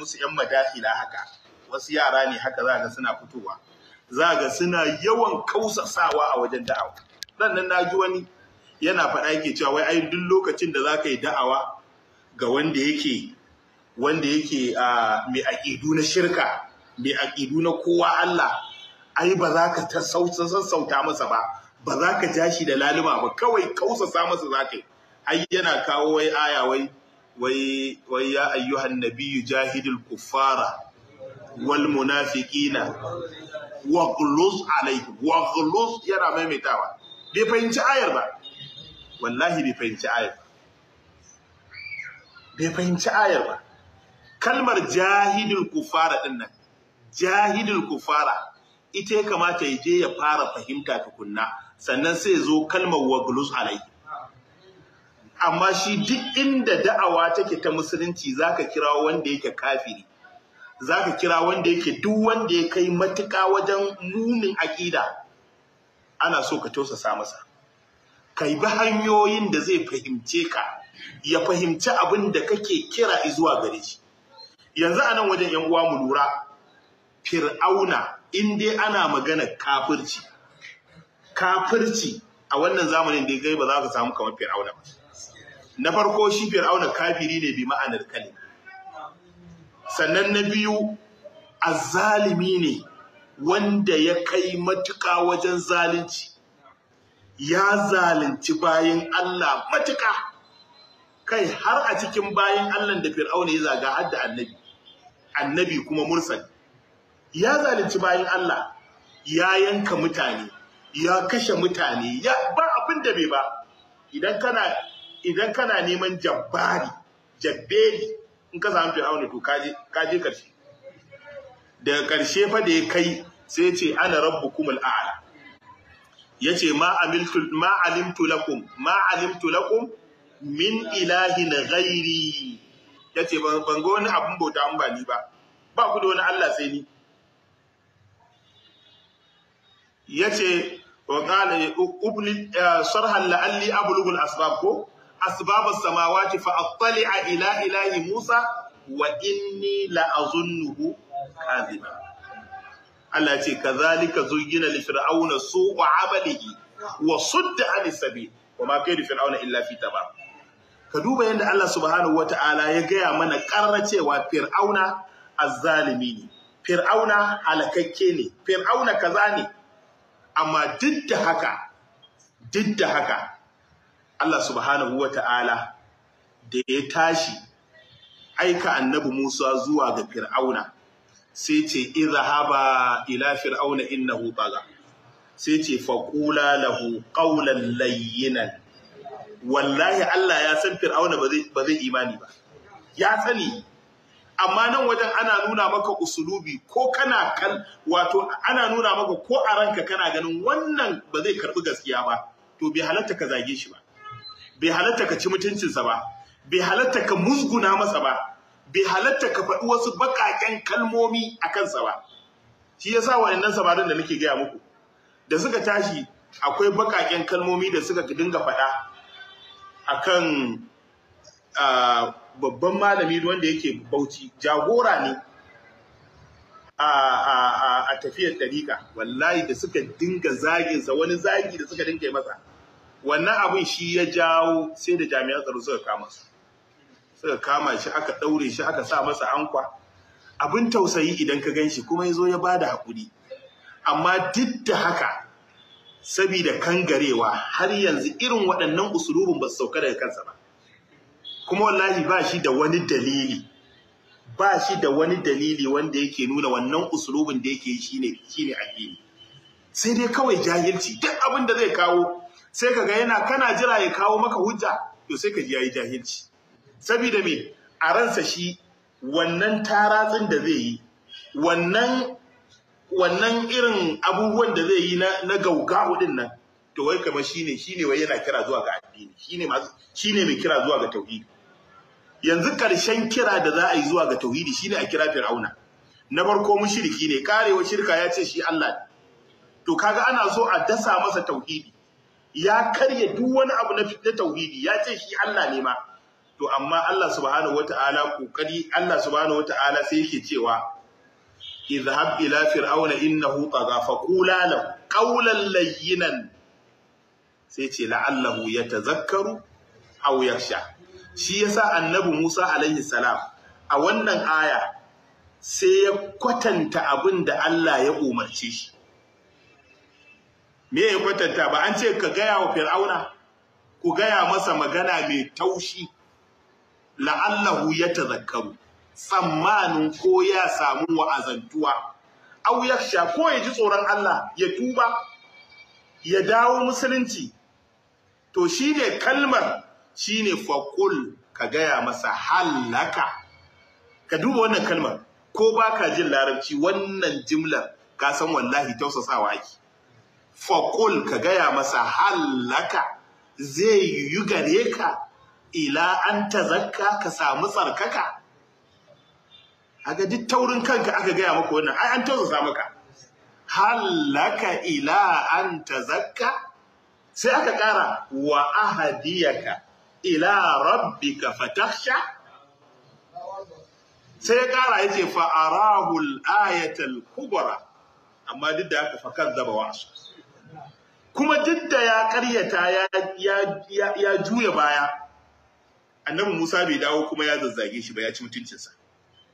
Wasu yan madahila haka wasu yara ne haka za ga suna fitowa za ga suna yawan kausasawa a wajen da'awa sannan na ji wani yana faɗa yake cewa wai ai duk lokacin da za ka yi da'awa ga wanda yake wanda yake a mai aƙidu na shirka mai aƙidu na kowa Allah ai ba za ka ta sassauta masa ba ba za ka ja da laluma ba kawai kausasa masa za ka yi ai yana kawo wai aya wai ya ayyuhan nabiyyu jahidil kuffara wal munafiqina waghluz alaihim waghluz yana maimaitawa bai fahimci ayar ba wallahi bai fahimci ayar bai fahimci ayar ba kalmar jahidul kufara din nan jahidul kufara ita ya kamata ya je ya fara fahimta tukunna sannan sai zo kalmar wagluz alaihi amma shi duk inda da'awa take ta musulunci zaka kira wanda yake kafiri zaka kira wanda yake duk wanda ya kai matuka wajen munin aƙida ana so ka tausasa masa kai bi hanyoyin da zai fahimce ka ya fahimci abin da kake kira zuwa gare shi yanzu a nan wajen 'yan uwa mu lura fir'auna in dai ana magana kafirci kafirci a wannan zamanin da ya gai ba za ka samu kamar fir'auna ba na farko shi fir'auna kafiri ne bi ma'anar kalima sannan na biyu azzalimi ne wanda ya kai matuka wajen zalunci ya zalunci bayan Allah matuka kai har a cikin bayan Allah da fir'auna ya zaga har da annabi annabi kuma mursal ya zalunci bayan Allah ya yanka mutane ya kashe mutane ya ba abin da bai ba idan kana idan kana neman jabbari jabbeli in ka samu fir'auna to je karshe daga karshe fa da ya kai sai ce ana rabbukum al'ala yace ma amiltu ma alimtu lakum ma alimtu lakum min ilahin ghairi ce ban ga wani abun bauta an ba ni ba ba ku da wani Allah sai ni Ya ce wa qala ubli eh, sarhan la'alli a al-asbab ko asbabas samawati fa attali'a ila ilahi Musa wa inni la azunnuhu kadhiba Allah ce kazalika zuyina li fir'auna su'u 'amalihi wa sudda 'ani sabil wa ma kaydu fir'auna illa fita ba. ka duba yadda Allah subhanahu ta'ala ya gaya mana karra cewa fir'auna azzalimi ne fir'auna halakakke ne fir'auna kaza ne amma duk da haka duk da haka Allah subhanahu wa ta'ala da ya tashi aika annabi Musa zuwa ga Fir'auna sai ce izhaba ila fir'auna innahu baga sai ce faqula lahu qawlan layyinan wallahi Allah ya san fir'auna ba zai imani ba ya sani amma nan wajen ana nuna maka usulubi ko kana kan wato ana nuna maka ko a ranka kana ganin wannan ba zai karbi gaskiya ba to bai halatta ka zage shi ba bai halatta ka ci mutuncinsa ba bai halatta ka musguna masa ba bai halatta ka faɗi wasu baƙaƙen kalmomi a kansa ba shi ya yasa waɗannan samarin da nake gaya muku da suka tashi akwai baƙaƙen kalmomi da suka dinga faɗa a kan babban malami wanda yake bauchi jagora ne a tafiyar ɗariƙa wallahi da suka dinga zaginsa wani zagi da suka dinga yi masa wannan abin shi ya jawo sai da jami'an tsaro suka kama su suka kama shi aka ɗaure shi aka sa masa ankwa abin tausayi idan ka gan shi kuma ya zo ya bada haƙuri amma duk da haka sabida kangarewa har yanzu irin waɗannan usulubin ba su sauka daga kansa ba kuma wallahi ba shi da wani dalili ba shi da wani dalili wanda yake nuna wannan usulubin da yake yi shi shine addini sai dai kawai jahilci duk abin da zai kawo sai kaga yana kana jira ya kawo maka hujja to sai ka ji yayi jahilci saboda me a ransa shi wannan taratsin da zai yi wannan wannan irin abubuwan da zai yi na na gaugawo hudin nan to wai kamar shine shine wai yana kira zuwa ga addini shine ma shine mai kira zuwa ga tauhidi yanzu karshen kira da za a yi zuwa ga tauhidi shine a kira fir'auna na farko mushriki ne karewa shirka ya ce shi Allah to kaga ana so a dasa masa tauhidi ya karya duk wani abu na fitna tauhidi ya ce shi Allah ne ma to amma Allah subhanahu wataala kokari Allah subhanahu wataala sai yake cewa izhab ila fir'auna innahu tagha faqula lahu qawlan layyinan sai ce la'allahu yatazakkaru aw yakhsha shi yasa annabi Musa alaihi salam a wannan aya sai ya kwatanta abin da Allah ya umarce shi me ya kwatanta ba an ce ka gaya wa fir'auna ku gaya masa magana mai taushi la'allahu ya tazakkaru tsammanin ko ya samu wa'azantuwa aw ko ya ji tsoron Allah ya tuba ya dawo musulunci to shine kalmar shine faqul ka gaya masa halaka ka duba wannan kalmar ko baka jin larabci wannan jimlar ka san wallahi tausasawa ake faƙul ka gaya masa hallaka zai yiwu gare ka ila an ta tazakka ka samu tsarkaka ga duk taurin kanka aka gaya maka wannan ai an tausasa maka hallaka ila an ta tazakka sai aka ƙara wa ahadiyaka ila rabbika fatakhsha sai ya ƙara yake fa arahul ayatal kubra amma duk da aka fakar zaba wasu kuma duk da ya karyata ya juya baya annabi Musa bai dawo kuma ya zazzage shi ba ya ci mutuncinsa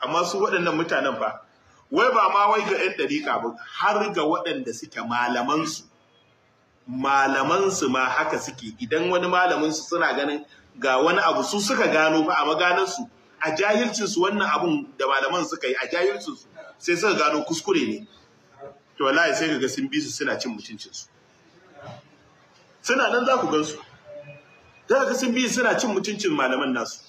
amma su waɗannan mutanen ba wai ba ma wai ga 'yan ɗariƙa ba har ga waɗanda suke malamansu malamansu ma haka suke idan wani malaminsu suna ganin ga wani abu su suka gano fa a maganarsu a jahilcinsu wannan abun da malaman suka yi a jahilcinsu sai suka gano kuskure ne to wallahi sai ga sun bi su suna cin mutuncinsu suna nan za ku gansu za ka sun biyu suna cin mutuncin malaman nasu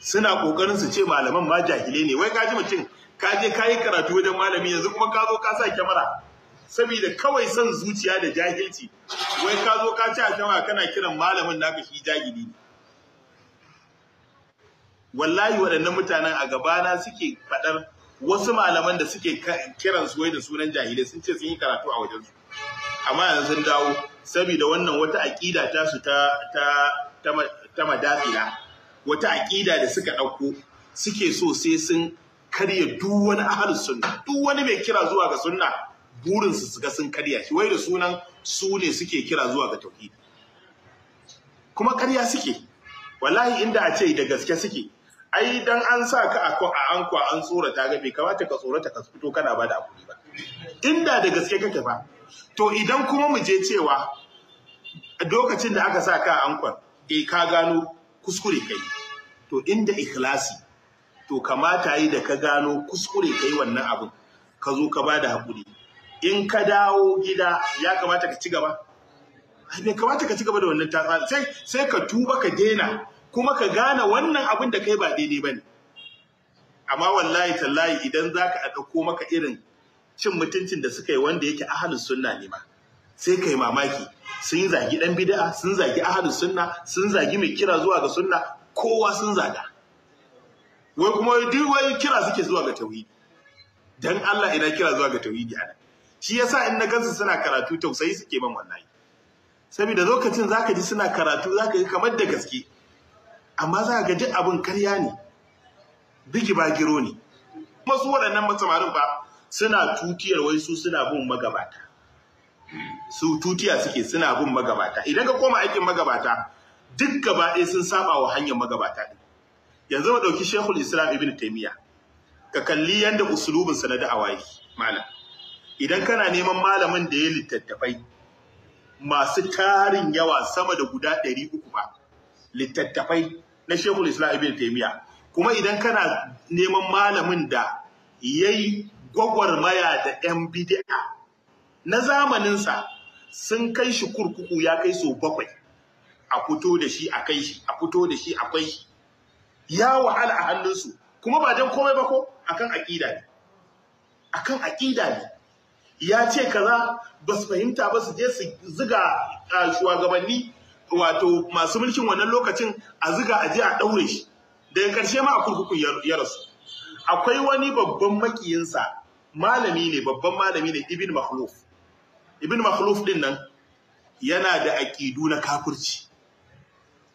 suna kokarin su ce malaman ma jahile ne wai ka ji mutum ka je ka yi karatu wajen malami yanzu kuma ka zo ka sa kyamara saboda kawai son zuciya da jahilci wai ka zo ka ci a kyamara kana kiran malamin naka shi jahili ne wallahi waɗannan mutanen a gabana suke faɗar wasu malaman da suke kiransu wai da sunan jahilai sun ce sun yi karatu a wajensu amma yanzu sun dawo saboda wannan wata aƙida ta su ta ta madafila wata aƙida da suka ɗauko suke so sai sun karya duk wani ahlus sunna duk wani mai kira zuwa ga sunna burin su suka sun karya shi wai da sunan su ne suke kira zuwa ga tauhidi kuma karya suke wallahi inda a ce da gaske suke ai dan an sa ka a ankwa an tsorata ga bai kamata ka tsorata ka fito kana ba da hakuri ba inda da gaske kake ba to idan kuma mu je cewa lokacin da aka sa ka a ankwan eh ka gano kuskure kai to inda ikhlasi to kamata yi da ka gano kuskure kai wannan abin ka zo ka ba da hakuri in ka dawo gida ya kamata ka ci gaba bai kamata ka ci gaba da wannan tatsa sai sai ka tuba ka dena kuma ka gane wannan abin da kai ba daidai ba ne. amma wallahi tallahi idan za ka a dauko maka irin cin mutuncin da suka yi wanda yake ahlus sunna ne ma sai kai mamaki sun zagi ɗan bida'a, sun zagi ahlus sunna sun zagi mai kira zuwa ga sunna kowa sun zaga wai kuma duk wai kira suke zuwa ga tauhidi dan Allah ina kira zuwa ga tauhidi ana shi yasa in na gansu suna karatu tausayi suke man wallahi saboda lokacin zaka ji suna karatu zaka ji kamar da gaske amma za ga duk abin karya ne bigi ba giro ne kuma su waɗannan masamarin ba suna tutiyar wai su suna bin magabata su tutiya suke suna bin magabata idan ka koma aikin magabata duk gaba ɗaya sun saba wa hanyar magabata ɗin yanzu mu ɗauki shekul islam ibn taimiyya ka kalli yadda usulubinsa na da'awa yake malam idan kana neman malamin da ya littattafai masu tarin yawa sama da guda ɗari uku ba littattafai na shekul Islam Ibn Taymiyyah kuma idan kana neman malamin da ya yayi gwagwarmaya da 'yan bid'a na zamaninsa sun kai shi kurkuku ya kai so bakwai a fito da shi a kai shi a fito da shi akwai shi ya wahala a hannunsu kuma ba don komai ba ko akan aƙida ne akan aƙida ne ya ce kaza ba su fahimta ba su je su ziga ah, shugabanni wato masu mulkin wannan lokacin a ziga a je a daure shi daga karshe ma a kurkukun ya rasu akwai wani babban makiyinsa malami ne babban malami ne ibn makhluf ibn makhluf din nan yana da aƙidu na kafirci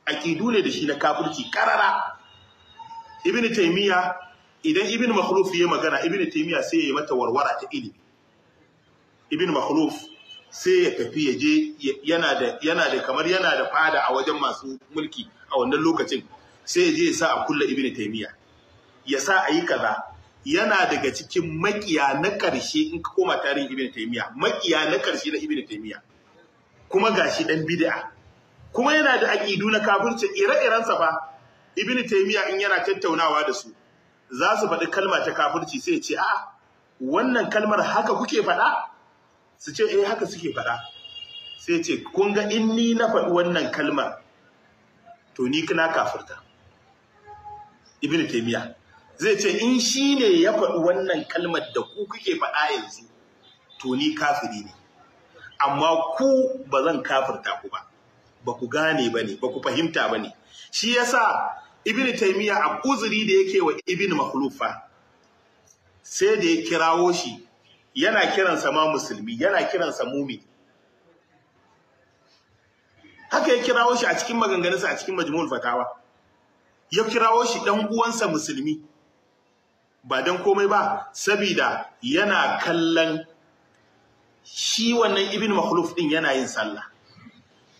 Aƙidu ne da shi na kafirci karara ibn taymiya idan ibn makhluf ya magana ibn taymiya sai ya yi mata warwara ta ilimi ibn makhluf sai ya tafi ya je yana da kamar yana da fada a wajen masu mulki a wannan lokacin sai ya je ya sa a kulla ibini taimiyya ya sa a yi kaza yana daga cikin makiya na ƙarshe in ka koma tarihin ibini taimiyya makiya na ƙarshe na ibini taimiyya kuma gashi ɗan bid'a kuma yana da aƙidu na kafirci ire-irensa fa ibini taimiyya in yana tattaunawa da su za su faɗi kalma ta kafirci sai ce a wannan kalmar haka kuke faɗa su ce eh haka suke faɗa sai ce kun ga in ni na faɗi wannan kalmar to ni kana kafirta ibnu taymiya zai ce in shi ne ya faɗi wannan kalmar da ku kuke faɗa yanzu to ni kafiri ne amma ku ba zan kafirta ku ba ba ku gane ba ne ba ku fahimta ba ne shi yasa ibnu taymiya a kuzuri da yake wa ibnu makhlufa sai da ya kirawo shi yana kiransa ma musulmi yana kiransa mumi haka ya kirawo shi a cikin maganganunsa a cikin majmu'ul fatawa ya kirawo shi dan uwansa musulmi ba dan komai ba sabida yana kallon shi wannan ibn makhluf din yana yin sallah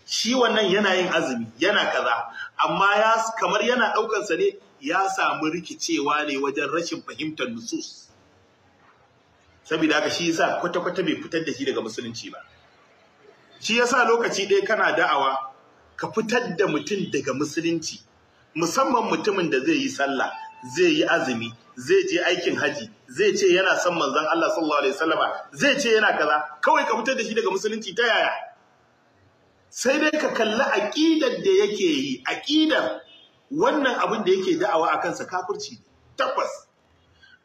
shi wannan yana yin azumi yana kaza amma ya kamar yana ɗaukansa sa ne ya samu rikicewa ne wajen rashin fahimtar nusus saboda haka shi yasa kwata-kwata bai fitar da shi daga musulunci ba shi yasa lokaci ɗaya kana da'awa ka fitar da mutum daga musulunci musamman mutumin da zai yi sallah zai yi azumi zai je aikin haji zai ce yana son manzon Allah sallallahu alaihi wasallama zai ce yana kaza kawai ka fitar da shi daga musulunci ta yaya sai dai ka kalli aqidar da yake yi aqidar wannan abin da yake da'awa akan sa kafirci tabbas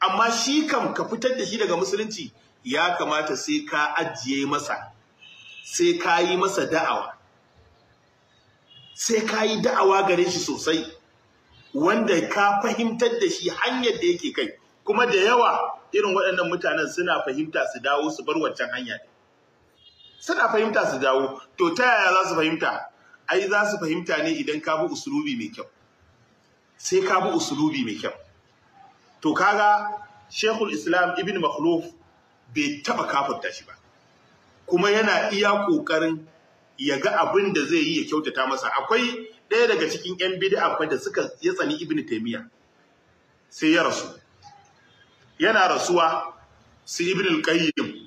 amma shi kam ka fitar da shi daga musulunci ya kamata sai ka ajiye masa sai ka yi masa da'awa sai ka yi da'awa gare shi sosai wanda ka fahimtar da shi hanyar da yake kai kuma da yawa irin waɗannan mutanen suna fahimta su dawo su bar wancan hanya suna fahimta su dawo to ta yaya za su fahimta ai za su fahimta ne idan ka bi usulubi mai kyau sai ka bi usulubi mai kyau to kaga shekul islam ibn makhluf bai taba kafarta shi ba kuma yana iya kokarin ya ga abin da zai yi ya kyautata masa akwai ɗaya daga cikin yan bid'a akwai da suka ya tsani ibn taymiya sai ya rasu yana rasuwa su ibn al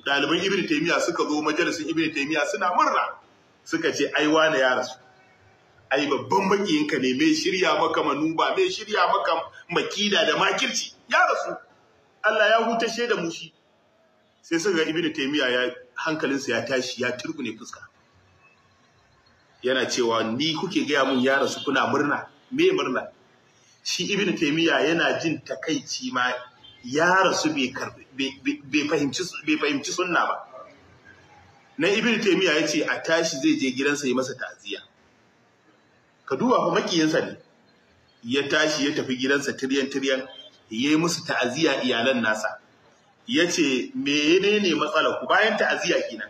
ɗaliban ibn taymiya suka zo majalisin ibn taymiya suna murna suka ce ai na ya rasu ai babban ka ne mai shirya maka manuba mai shirya maka makida da makirci ya rasu Allah ya huta da mushi sai suka ga ibnu taymiya ya hankalinsa ya tashi ya turkune fuska yana cewa ni kuke gaya mun ya rasu kuna murna me murna shi ibnu taymiya yana jin takaici ma ya rasu bai fahimci bai fahimci sunna ba na ibnu taymiya yace a tashi zai je gidansa yi masa ta'aziyya ka duba fa makiyinsa ne ya tashi ya tafi gidansa tiryan tiryan ya yi musu ta'aziya iyalan nasa ya ce menene matsalar ku bayan ta'aziyya kenan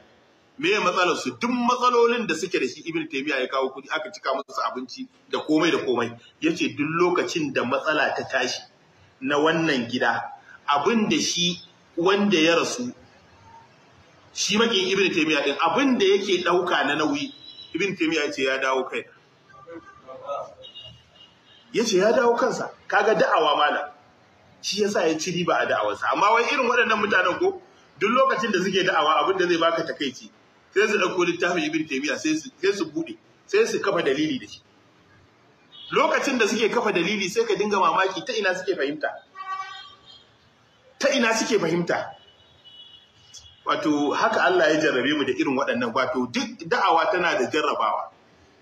me ya matsalar su duk matsalolin da suke da shi ibn taymiya ya kawo kudi aka cika musu abinci da komai da komai Ya ce duk lokacin da matsala ta tashi na wannan gida abin da shi wanda ya rasu shi makin ibn taymiya din abin da yake dauka na nauyi ibn taymiya ce ya dawo kai Ya ce ya dawo kansa kaga da'awa malam shi ya sa ya ci riba a da'awarsa amma wai irin waɗannan mutanen ko duk lokacin da suke da'awa abin da zai baka takaici sai su ɗauko littafin ibn taymiya sai su sai sai su kafa dalili da shi lokacin da suke kafa dalili sai ka dinga mamaki ta ina suke fahimta ta ina suke fahimta wato haka Allah ya jarrabe mu da irin waɗannan wato duk da'awa tana da jarrabawa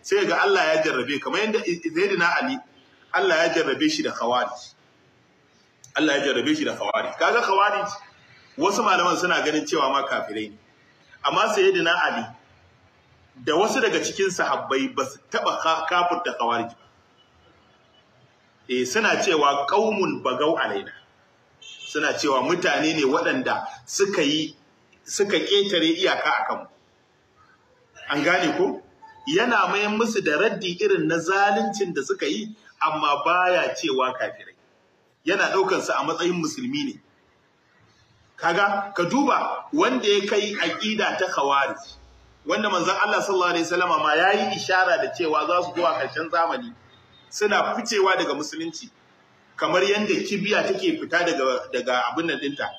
sai ga Allah ya jarrabe kamar yadda Zaidina Ali Allah ya jarrabe shi da khawarij Allah ya jarrabe shi da khawarij kaga khawarij wasu malaman suna ganin cewa ma kafirai ne amma sayyidina ali da wasu daga cikin sahabbai ba su taba da khawarij ba eh suna cewa qaumun bagau alaina suna cewa mutane ne waɗanda suka yi suka ketare iyaka akan mu an gane ko yana mayan musu da raddi irin na zaluncin da suka yi amma baya cewa kafirai yana ɗaukan su a matsayin musulmi ne kaga ka duba wanda ya kai aƙida ta khawarij wanda manzon Allah sallallahu alaihi wasallama ma yayi ishara da cewa za su zuwa ƙarshen zamani suna ficewa daga musulunci kamar yadda kibiya take fita daga daga abin nan dinta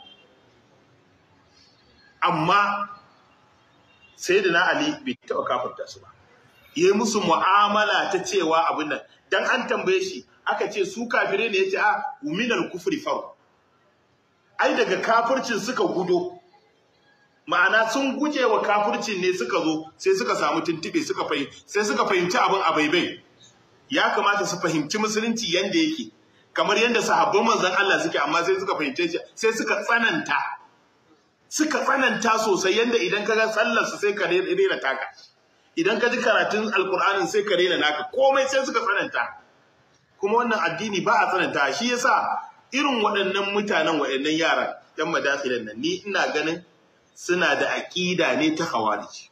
amma sayyidina Ali bai taɓa kafirta su ba yi musu mu'amala ta cewa abin nan dan an tambaye shi aka ce su kafire ne yace a ah, uminal kufri fa ai daga kafircin suka gudo ma'ana sun guje wa kafircin ne suka zo sai suka samu tuntube sai suka fahimci abin a baibai ya kamata su fahimci musulunci yanda yake kamar yanda sahabban manzon Allah suke amma sai suka fahimce shi sai suka tsananta suka tsananta sosai yanda idan kaga sallar su sai ka rera taka idan ka ji karatun alkur'anin sai ka rena naka komai sai suka tsananta kuma wannan addini ba a tsananta shi yasa irin waɗannan mutanen waɗannan yaran ɗan madafilan nan ni ina ganin suna da aƙida ne ta khawarij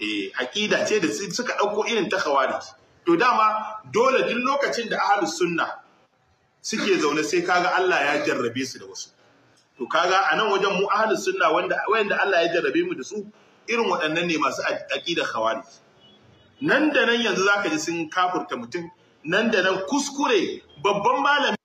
eh aƙida ce da suka ɗauko irin ta khawarij to dama dole duk lokacin da ahlus sunna suke zaune sai kaga Allah ya jarrabe su da wasu to kaga nan wajen mu ahlus sunna wanda Allah ya jarrabe mu da su irin waɗannan ne masu aƙidar khawarij nan da nan yanzu zaka ji sun kafurta mutum nan da nan kuskure babban malami